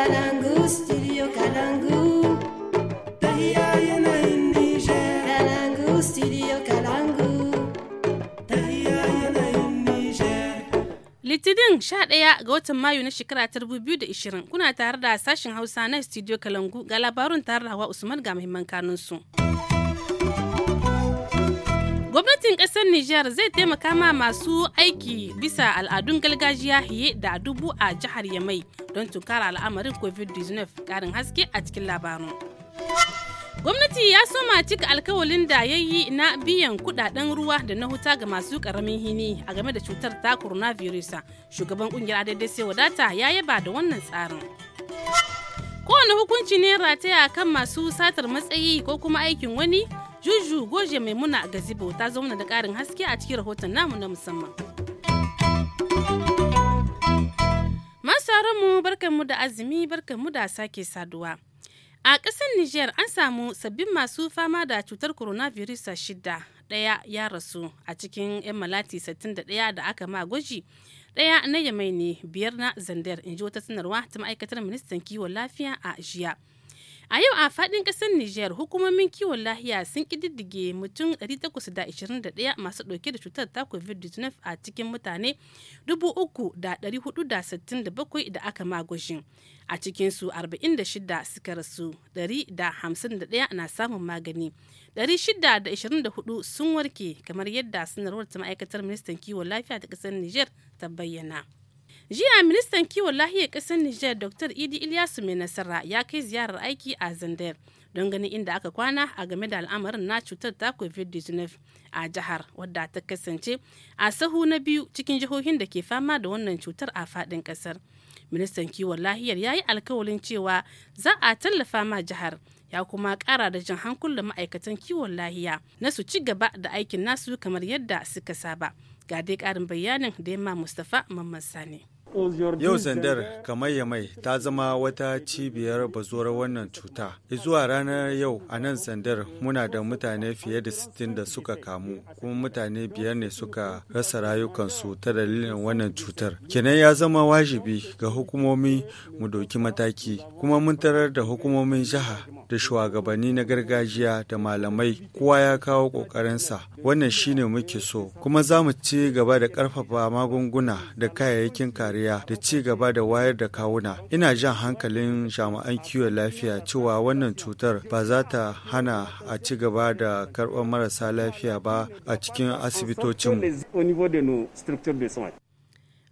Kalangu, sha ɗaya ga watan Mayu na shekara ta 2020 kuna tare da sashen Hausa na studio Kalangu ga labarun tare da Hawa Usman ga muhimman kanunsu. Gwamnatin ƙasar Nijar zai taimaka ma masu aiki bisa al'adun gargajiya hiye da dubu a jihar Yamai don tunkara al'amarin COVID-19 ƙarin haske a cikin labarin. Gwamnati ya soma cika alkawalin da ya yi na biyan kudaden ruwa da na huta ga masu karamin hini a game da cutar ta coronavirus. Shugaban kungiyar daidai sai wadata ya yaba da wannan tsarin. Kowane hukunci ne rataya kan masu satar matsayi ko kuma aikin wani Juju goje mai muna gazibo ta zauna da ƙarin haske a cikin rahoton namu na musamman. mu mu da azumi mu da sake saduwa. A ƙasar Nijar an samu sabbin masu fama da cutar coronavirus a shida ɗaya ya rasu a cikin 'yan malati 61 da aka ma gwaji ɗaya na yamai ne biyar na zandar in ji wata sanarwa ta ma'aikatar ministan kiwon lafiya a jiya. A yau a fadin kasar Nijar hukumomin kiwon lahiya sun ƙididdige mutum 821 masu ɗauke da cutar ta COVID-19 a cikin mutane 3,467 da aka magoshin. A cikinsu 46 suka rasu, 151 na samun magani, 624 sun warke kamar yadda sanarwar ta ma'aikatar ministan kiwon lafiya ta kasar Nijar ta bayyana. jiya ministan kiwon lahiyar kasar niger dr idi ilyasu mai nasara ya kai ziyarar aiki a zandar don ganin inda aka kwana a game da al'amarin na cutar ta covid-19 a jihar wadda ta kasance a sahu na biyu cikin jihohin da ke fama da wannan cutar a faɗin kasar. ministan kiwon lahiyar ya yi alkawalin cewa za a tallafa ma jihar ya kuma kara da jan da ma'aikatan kiwon lahiya na su ci gaba da aikin nasu kamar yadda suka saba ga dai karin bayanin da yamma mustapha mamman sani Yau sandar kamar mai ta zama wata cibiyar bazuwar wannan cuta. Zuwa ranar yau a nan zandar muna da mutane fiye da 60 da suka kamu, kuma mutane biyar ne suka rasa rayukansu ta dalilin wannan cutar. Kenan ya zama wajibi ga hukumomi mu doki mataki, kuma mun tarar da hukumomin jiha da shugabanni na gargajiya da malamai kowa ya kawo kokarinsa. Wannan shine muke so, kuma za mu ci gaba da ƙarfafa magunguna da kayayyakin kare kariya da ci gaba da wayar da kawuna. Ina jan hankalin jami'an kiwon lafiya cewa wannan cutar ba za ta hana a ci gaba da karɓar marasa lafiya ba a cikin asibitocin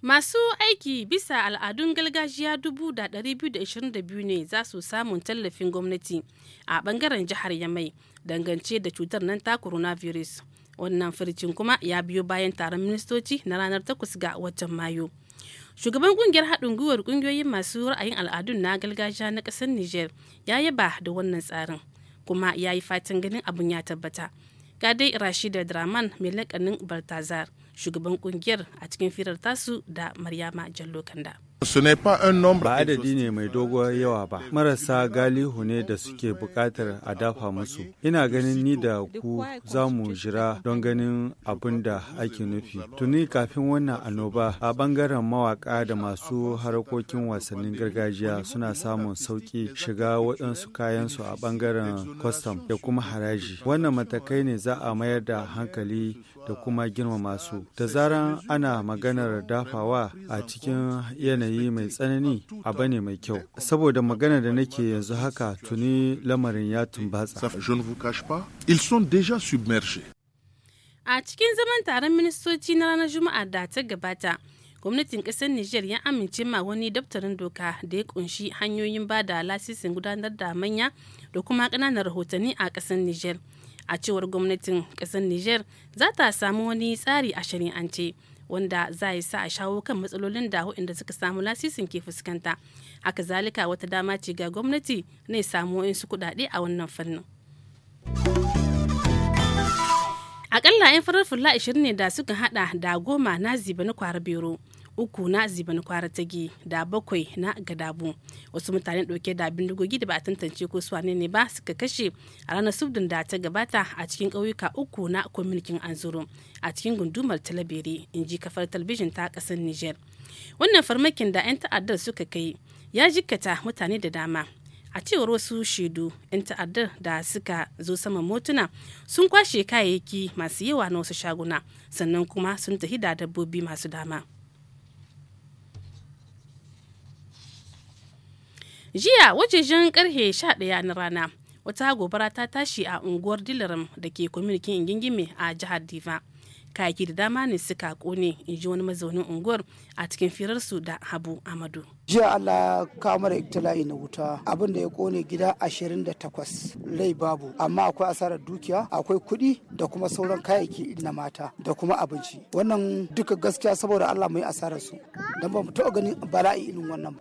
Masu aiki bisa al'adun gargajiya 2,222 ne za su samun tallafin gwamnati a bangaren jihar Yamai dangance da cutar nan ta coronavirus. Wannan firicin kuma ya biyo bayan taron ministoci na ranar 8 ga watan Mayu. shugaban kungiyar haɗin gwiwar kungiyoyin masu ra'ayin al'adun na gargajiya na ƙasar niger ya yaba da wannan tsarin kuma ya yi fatan ganin abun ya tabbata ga dai rashida draman mai laƙanin baltazar shugaban kungiyar a cikin firar tasu da maryama jallo kanda Ba adadi ne mai doguwar yawa ba, marasa galihu ne da suke buƙatar a dafa musu. Ina ganin ni da ku za mu jira don ganin abin da ake nufi. Tuni kafin wannan annoba a bangaren mawaƙa da masu harkokin wasannin gargajiya suna samun sauki shiga waɗansu kayansu a bangaren kwastam da kuma haraji. Wannan matakai ne za a mayar da hankali da kuma girma masu. Da zaran ana maganar dafawa a cikin yanayi yanayi mai tsanani abu ne mai kyau saboda magana da nake yanzu haka tuni lamarin ya tumbatsa a cikin zaman taron ministoci na ranar juma'a da ta gabata gwamnatin kasar niger ya amince ma wani daftarin doka da ya kunshi hanyoyin ba da lasisin gudanar da manya da kuma ƙananan rahotanni a kasar niger a cewar gwamnatin kasar niger za ta samu wani tsari a shari'ance wanda za ya sa a shawo kan matsalolin da inda suka samu lasisin ke fuskanta haka zalika wata dama ce ga gwamnati ne samu su kudade a wannan fannin. akalla 'yan farar fulla 20 ne da suka hada da goma na ziba na kwara biro. uku na ziban kwara tagi da bakwai na gadabu wasu mutane dauke da bindigogi da ba a tantance ko su ne ba suka kashe a ranar subdin da ta gabata a cikin ƙauyuka uku na kominikin anzuru a cikin gundumar talabere in ji kafar talabijin ta ƙasar niger wannan farmakin da 'yan ta'addar suka kai ya jikkata mutane da dama a cewar wasu shaidu 'yan ta'addar da suka zo saman motuna sun kwashe kayayyaki masu yawa na wasu shaguna sannan kuma sun tafi da dabbobi masu dama. jiya wajejen karhe 11 na rana wata gobara ta tashi a unguwar dilaram da ke kwamitin gingime a jihar diva kayaki da dama ne suka kone in ji wani mazaunin unguwar a cikin firarsu da habu amadu jiya allah kawo mara iktila'i na wuta abin ya kone gida 28 rai babu amma akwai asarar dukiya akwai kudi da kuma sauran kayayyaki na mata da kuma abinci wannan duka gaskiya saboda allah mai asarar su don ba mu taɓa ganin bala'i irin wannan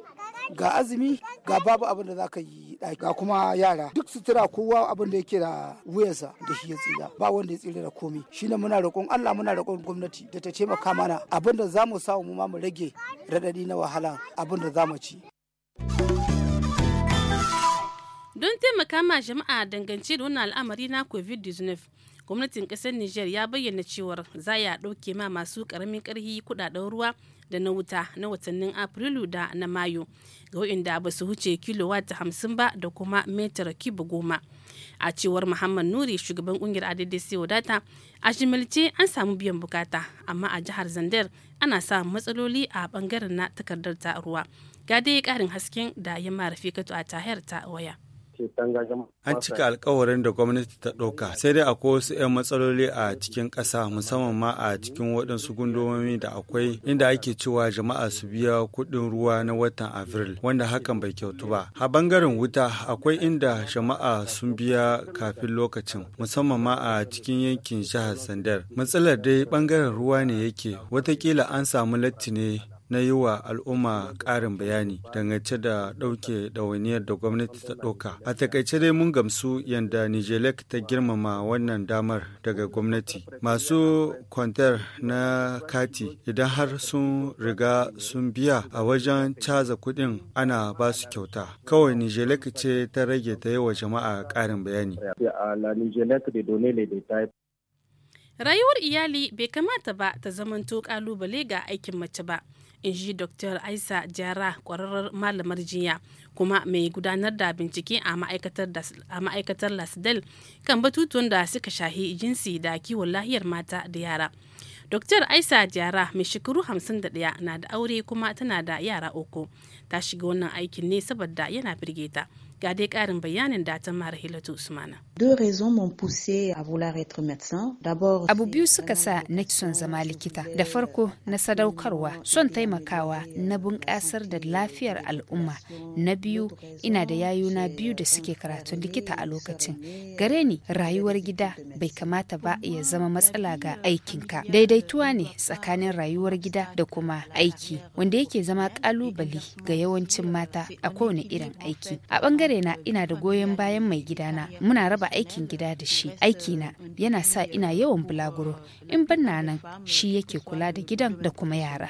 ga azumi ga babu abin da zaka yi ga kuma yara duk sutura kowa abin da yake da wuyarsa da shi ya tsira ba wanda ya tsira da komi shine muna roƙon Allah muna roƙon gwamnati da ta taimaka mana abin da za mu samu mu ma mu rage raɗaɗi na wahala abin da za ci. Don taimaka ma jama'a dangance da wannan al'amari na COVID-19, gwamnatin kasar Nijar ya bayyana cewar za ya ɗauke ma masu ƙaramin ƙarfi kudaden ruwa da na wuta na watannin afrilu da na mayu ga waɗanda ba su huce kilowatt hamsin ba da kuma metar kibu goma a cewar muhammad nuri shugaban kungiyar sai wadata a shimilce an samu biyan bukata amma a jihar zandar ana samun matsaloli a bangaren na takardar ta ruwa ga dai karin hasken da ya mara fi a tahiyar ta waya An cika alkawarin da gwamnati ta ɗauka, sai dai akwai wasu 'yan matsaloli a cikin ƙasa musamman ma a cikin waɗansu gundumomi da akwai inda ake cewa jama'a su biya kuɗin ruwa na watan Afril, wanda hakan bai kyautu ba. A bangaren wuta akwai inda jama'a sun biya kafin lokacin, musamman ma a cikin yankin jihar Sandar. Matsalar dai bangaren ruwa ne yake, watakila an samu latti ne na yi wa al'umma ƙarin bayani dangance da ɗauke ɗawainiyar da gwamnati ta ɗauka. A takaice dai mun gamsu yadda Nijelek ta girmama wannan damar daga gwamnati. Masu kwantar na kati idan har sun riga sun biya a wajen caza kuɗin ana ba su kyauta. Kawai Nijelek ce ta rage ta yi wa jama'a ƙarin bayani. Rayuwar iyali bai kamata ba ta zamanto ƙalubale ga aikin mace ba. in ji dr aisa jara kwararrar malamar jinya kuma mai gudanar da bincike a ma'aikatar lasdel kan batutuwan da suka shahi jinsi da kiwon lahiyar mata da yara Dr. Aisa Jara mai shekaru 51 na da aure kuma tana da yara uku. Ta shiga wannan aikin ne saboda yana ta ga dai karin bayanin da ta mara hilatu usmana abu biyu suka sa na son zama likita da farko na sadaukarwa son taimakawa na bunƙasar da lafiyar al'umma na biyu ina da yayuna biyu da suke karatun likita a lokacin gare ni rayuwar gida bai kamata ba ya zama matsala ga aikinka daidaituwa ne tsakanin rayuwar gida da kuma aiki wanda yake zama ƙalubale ga yawancin mata a kowane irin aiki a bangare na ina da goyon bayan mai gidana muna raba aikin gida da shi aikina yana sa ina yawan bulaguro in ban nan shi yake kula da gidan da kuma yara.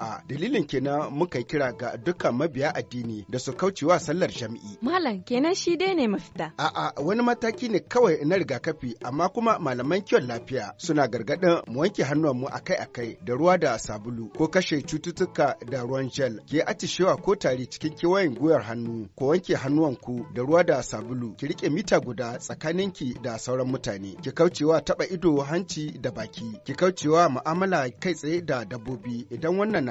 jama'a dalilin kenan muka kira ga duka mabiya addini da su kaucewa sallar Jami'i. Malam kenan shi dai ne mafita. A'a wani mataki ne kawai na rigakafi amma kuma malaman kiwon lafiya suna gargadin mu wanke mu akai-akai da ruwa da sabulu ko kashe cututtuka da ruwan gel ke atishewa ko tari cikin kewayen guyar hannu ko wanke hannuwanku da ruwa da sabulu ki rike mita guda tsakanin ki da sauran mutane ki kaucewa taba ido hanci da baki ki kaucewa mu'amala kai tsaye da dabbobi idan wannan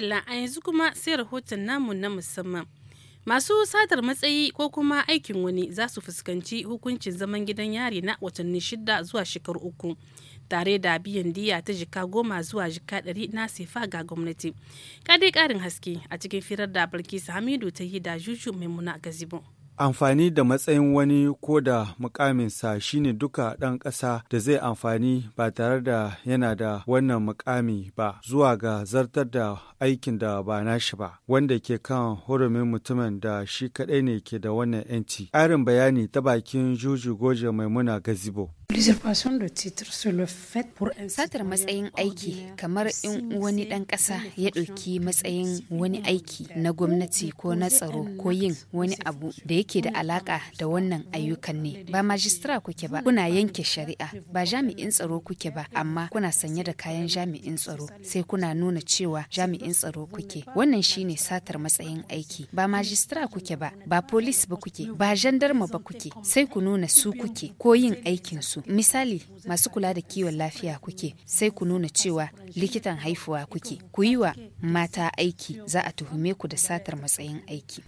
madalla a yanzu kuma sai rahoton namu na musamman. Masu satar matsayi ko kuma aikin wani za su fuskanci hukuncin zaman gidan yari na watanni shida zuwa shekaru uku. tare da biyan diya ta jika goma zuwa jika ɗari na sefa ga gwamnati. Kadai ƙarin haske a cikin firar da barkisu Hamidu ta yi da Juju Maimuna Gazibon. Amfani da matsayin wani ko da mukaminsa shine duka ɗan ƙasa da zai amfani ba tare da yana da wannan mukami ba zuwa ga zartar da aikin da ba nashi ba wanda ke kan hurumin mutumin da shi kaɗai ne ke da wannan 'yanci. Ƙarin bayani ta bakin Juju Goje Maimuna Gazibo. Satar matsayin aiki kamar in wani ɗan ƙasa ya ɗauki matsayin wani aiki na gwamnati ko na tsaro ko yin wani abu da yake da alaƙa da wannan ayyukan ne. Ba majistra kuke ba, kuna yanke shari'a, ba jami'in tsaro kuke ba, amma kuna sanye da kayan jami'in tsaro sai kuna nuna cewa jami'in tsaro kuke. Wannan shine satar matsayin aiki. Ba majistra kuke ba, ba polis ba kuke, ba jandarma ba kuke, sai ku nuna su kuke ko yin aikinsu. su misali masu kula da kiwon lafiya kuke sai ku nuna cewa likitan haifuwa kuke ku yi wa mata aiki za a tuhume ku da satar matsayin aiki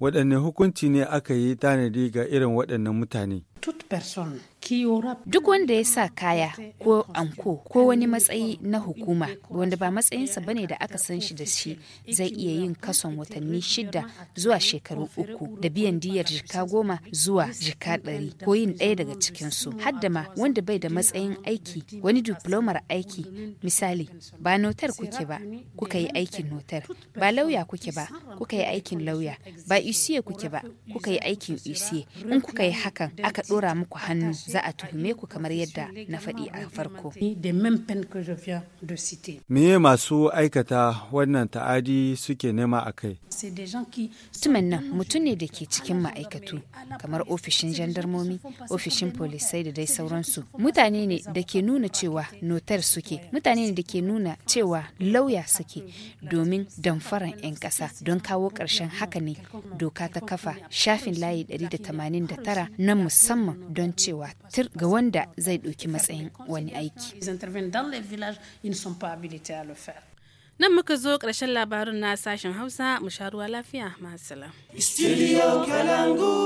waɗanne hukunci ne aka yi tanadi ga irin waɗannan mutane Duk wanda ya sa kaya ko anko ko wani matsayi na hukuma wanda ba matsayinsa bane da aka san shi da shi zai iya yin kason watanni shida zuwa shekaru uku da biyan diyar jika goma zuwa jika ɗari ko yin ɗaya daga cikinsu. Hadda ma wanda bai da matsayin aiki wani diplomar aiki misali ba notar kuke ba kuka yi aikin notar ba lauya kuke ba kuka yi aikin lauya ba isiye kuke ba kuka yi aikin isiye in kuka yi hakan aka kora muku hannu za a tuhume ku kamar yadda na faɗi a farko. Meye masu aikata wannan ta'adi suke nema a kai? Mutumin nan mutum ne da ke cikin ma'aikatu kamar ofishin jandarmomi, ofishin polisai da dai sauransu. Mutane ne da ke nuna cewa notar suke, mutane ne da ke nuna cewa lauya suke domin damfaran 'yan ƙasa don kawo ƙarshen haka ne doka ta kafa shafin layi 189 na musamman musamman don cewa tir ga wanda zai ɗauki matsayin wani aiki. Nan muka zo ƙarshen labarin na sashen Hausa mu sha ruwa lafiya masu Studio Kalangu.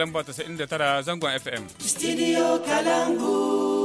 lamba 99 zangon FM. Studio Kalangu.